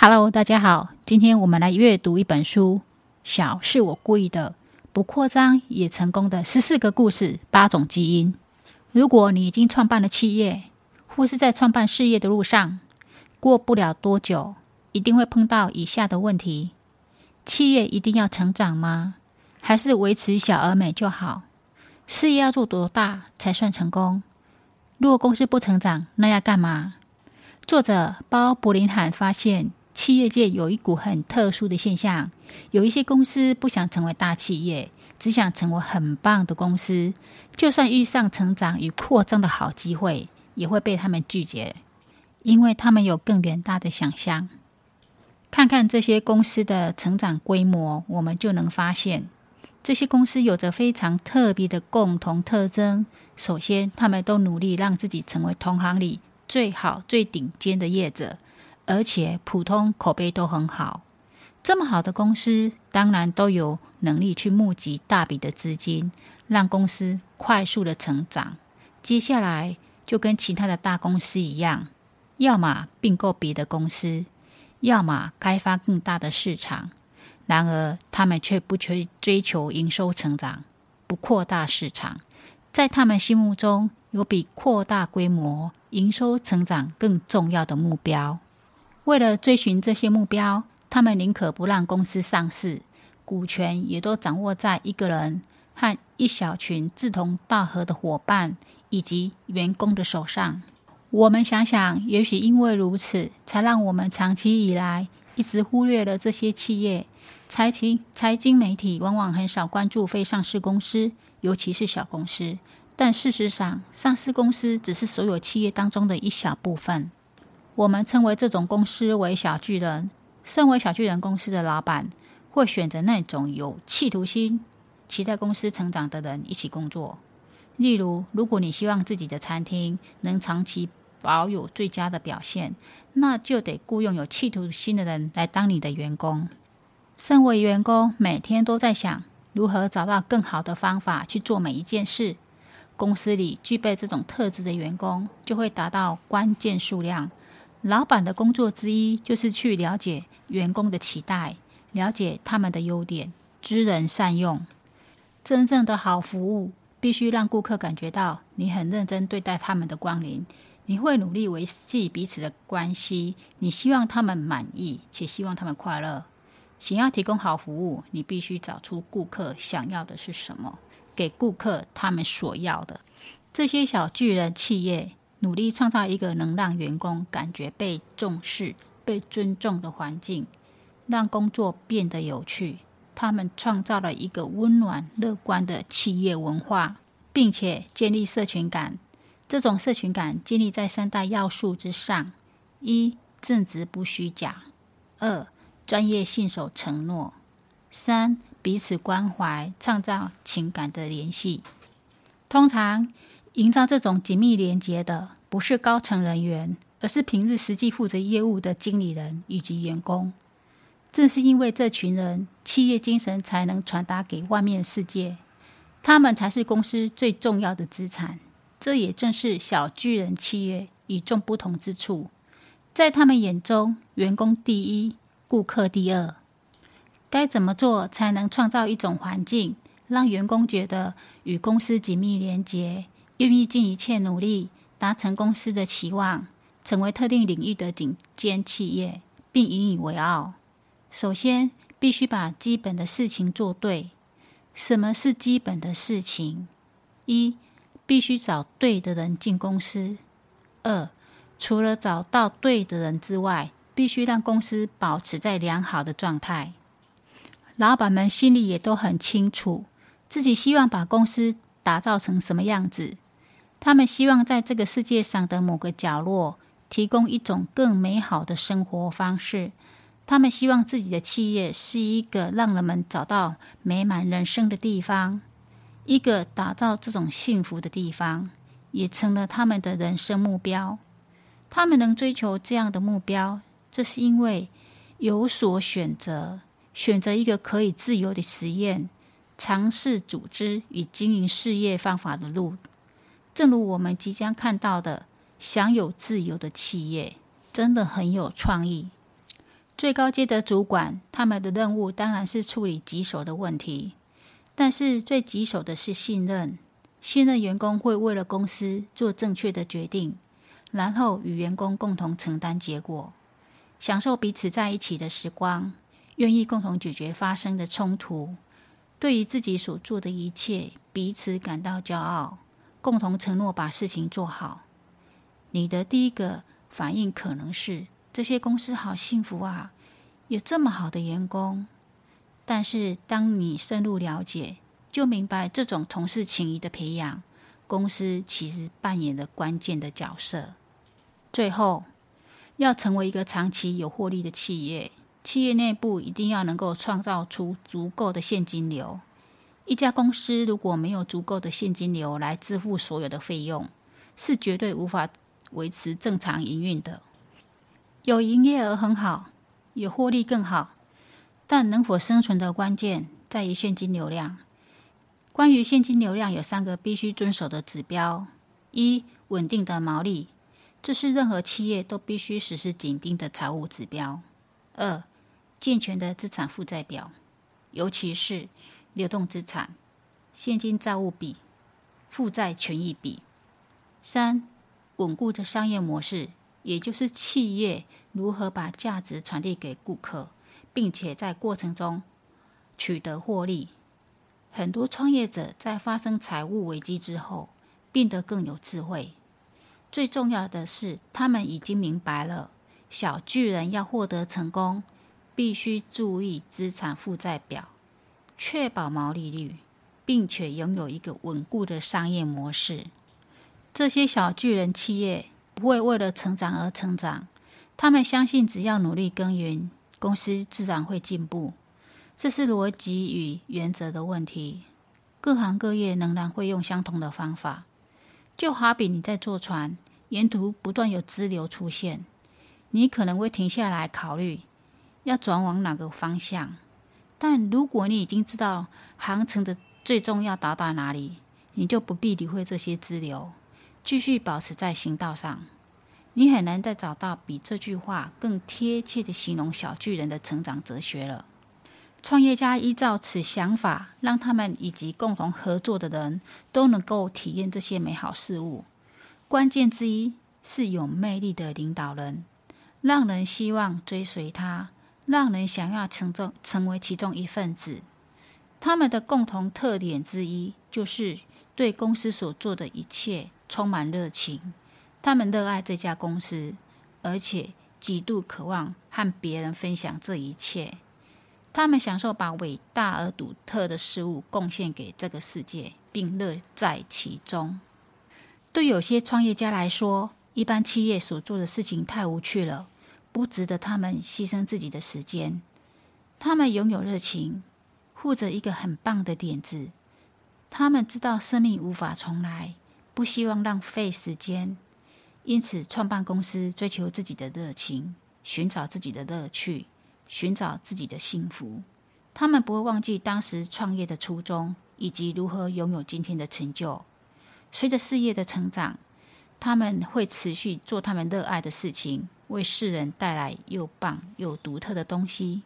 哈嘍大家好，今天我們來閱讀一本書，《小是我故意的，不擴張也成功的十四個故事八種基因》。如果你已經創辦了企業，或是在創辦事業的路上，過不了多久，一定會碰到以下的問題：企業一定要成長嗎？還是維持小而美就好？事業要做多大才算成功？如果公司不成長，那要幹嘛？作者鮑柏林罕發現。企業界有一股很特殊的現象，有一些公司不想成為大企業，只想成為很棒的公司。就算遇上成長與擴張的好機會，也會被他們拒絕，因為他們有更遠大的想象。看看這些公司的成長規模，我們就能發現，這些公司有着非常特別的共同特徵。首先，他們都努力讓自己成為同行裡最好、最頂尖的業者。而且普通口碑都很好。這麼好的公司當然都有能力去募集大筆的資金，讓公司快速的成長。接下來就跟其他的大公司一樣，要麼併購別的公司，要麼開發更大的市場。然而，他們卻不去追求營收成長，不擴大市場，在他們心目中有比擴大規模、營收成長更重要的目標。為了追尋這些目標，他們寧可不讓公司上市，股權也都掌握在一個人和一小群志同道合的夥伴以及員工的手上。我們想想，也許因為如此，才讓我們長期以來一直忽略了這些企業。財經財經媒體往往很少關注非上市公司，尤其是小公司，但事實上，上市公司只是所有企業當中的一小部分。我們稱為這種公司為小巨人。身為小巨人公司的老闆，會選擇那種有企圖心、期待公司成長的人一起工作。例如，如果你希望自己的餐廳能長期保有最佳的表現，那就得雇用有企圖心的人來當你的員工。身為員工，每天都在想如何找到更好的方法去做每一件事。公司裡具備這種特質的員工，就會達到關鍵數量。老闆的工作之一就是去了解員工的期待，了解他們的優點，知人善用。真正的好服務，必須讓顧客感覺到你很認真對待他們的光臨，你會努力維繫彼此的關係，你希望他們滿意，且希望他們快樂。想要提供好服務，你必須找出顧客想要的是什麼，給顧客他們所要的。這些小巨人企業，努力創造一個能讓員工感覺被重視、被尊重的環境，讓工作變得有趣。他們創造了一個溫暖、樂觀的企業文化，並且建立社群感。這種社群感建立在三大要素之上：一、正直不虛假；二、專業信守承諾；三、彼此關懷，創造情感的聯繫。通常，營造這種緊密連接的，不是高層人員，而是平日實際負責業務的經理人以及員工。正是因為這群人，企業精神才能傳達給外面世界。他們才是公司最重要的資產。這也正是小巨人企業與眾不同之處。在他們眼中，員工第一，顧客第二。該怎麼做才能創造一種環境，讓員工覺得與公司緊密連接？願意盡一切努力達成公司的期望，成為特定領域的頂尖企業，並引以為傲。首先，必須把基本的事情做對。什麼是基本的事情？一，必須找對的人進公司；二，除了找到對的人之外，必須讓公司保持在良好的狀態。老闆們心裡也都很清楚，自己希望把公司打造成什麼樣子。他們希望在這個世界上的某個角落提供一種更美好的生活方式。他們希望自己的企業是一個讓人們找到美滿人生的地方，一個打造這種幸福的地方，也成了他們的人生目標。他們能追求這樣的目標，這是因為有所選擇，選擇一個可以自由的實驗、嘗試組織與經營事業方法的路。正如我們即將看到的，享有自由的企業真的很有創意。最高階的主管，他們的任務當然是處理棘手的問題，但是最棘手的是信任。信任員工會為了公司做正確的決定，然後與員工共同承擔結果，享受彼此在一起的時光，願意共同解決發生的衝突，對於自己所做的一切，彼此感到驕傲。共同承諾把事情做好。你的第一個反應可能是：這些公司好幸福啊，有這麼好的員工。但是當你深入了解，就明白這種同事情誼的培養，公司其實扮演了關鍵的角色。最後，要成為一個長期有獲利的企業，企業內部一定要能夠創造出足夠的現金流。一家公司如果沒有足夠的現金流來支付所有的費用，是絕對無法維持正常營運的。有營業額很好，有獲利更好，但能否生存的關鍵在於現金流量。關於現金流量，有三個必須遵守的指標：一、穩定的毛利，這是任何企業都必須時時緊盯的財務指標；二、健全的資產負債表，尤其是，流動資產、現金債務比、負債權益比。三、穩固的商業模式，也就是企業如何把價值傳遞給顧客，並且在過程中取得獲利。很多創業者在發生財務危機之後，變得更有智慧。最重要的是，他們已經明白了，小巨人要獲得成功，必須注意資產負債表。確保毛利率，並且擁有一個穩固的商業模式。這些小巨人企業不會為了成長而成長，他們相信只要努力耕耘，公司自然會進步。這是邏輯與原則的問題。各行各業仍然會用相同的方法。就好比你在坐船，沿途不斷有支流出現，你可能會停下來考慮要轉往哪個方向。但如果你已經知道航程的最終要到達哪裡，你就不必理會這些支流，繼續保持在行道上。你很難再找到比這句話更貼切的形容小巨人的成長哲學了。創業家依照此想法，讓他們以及共同合作的人都能夠體驗這些美好事物。關鍵之一是有魅力的領導人，讓人希望追隨他。讓人想要成長成為其中一份子，他們的共同特點之一就是對公司所做的一切充滿熱情。他們熱愛這家公司，而且極度渴望和別人分享這一切。他們享受把偉大而獨特的事物貢獻給這個世界，並樂在其中。對有些創業家來說，一般企業所做的事情太無趣了。不值得他們犧牲自己的時間。他們擁有熱情，護着一個很棒的點子。他們知道生命無法重來，不希望浪費時間，因此創辦公司，追求自己的熱情，尋找自己的樂趣，尋找自己的幸福。他們不會忘記當時創業的初衷，以及如何擁有今天的成就。隨着事業的成長，他們會持續做他們熱愛的事情，為世人帶來又棒又獨特的東西。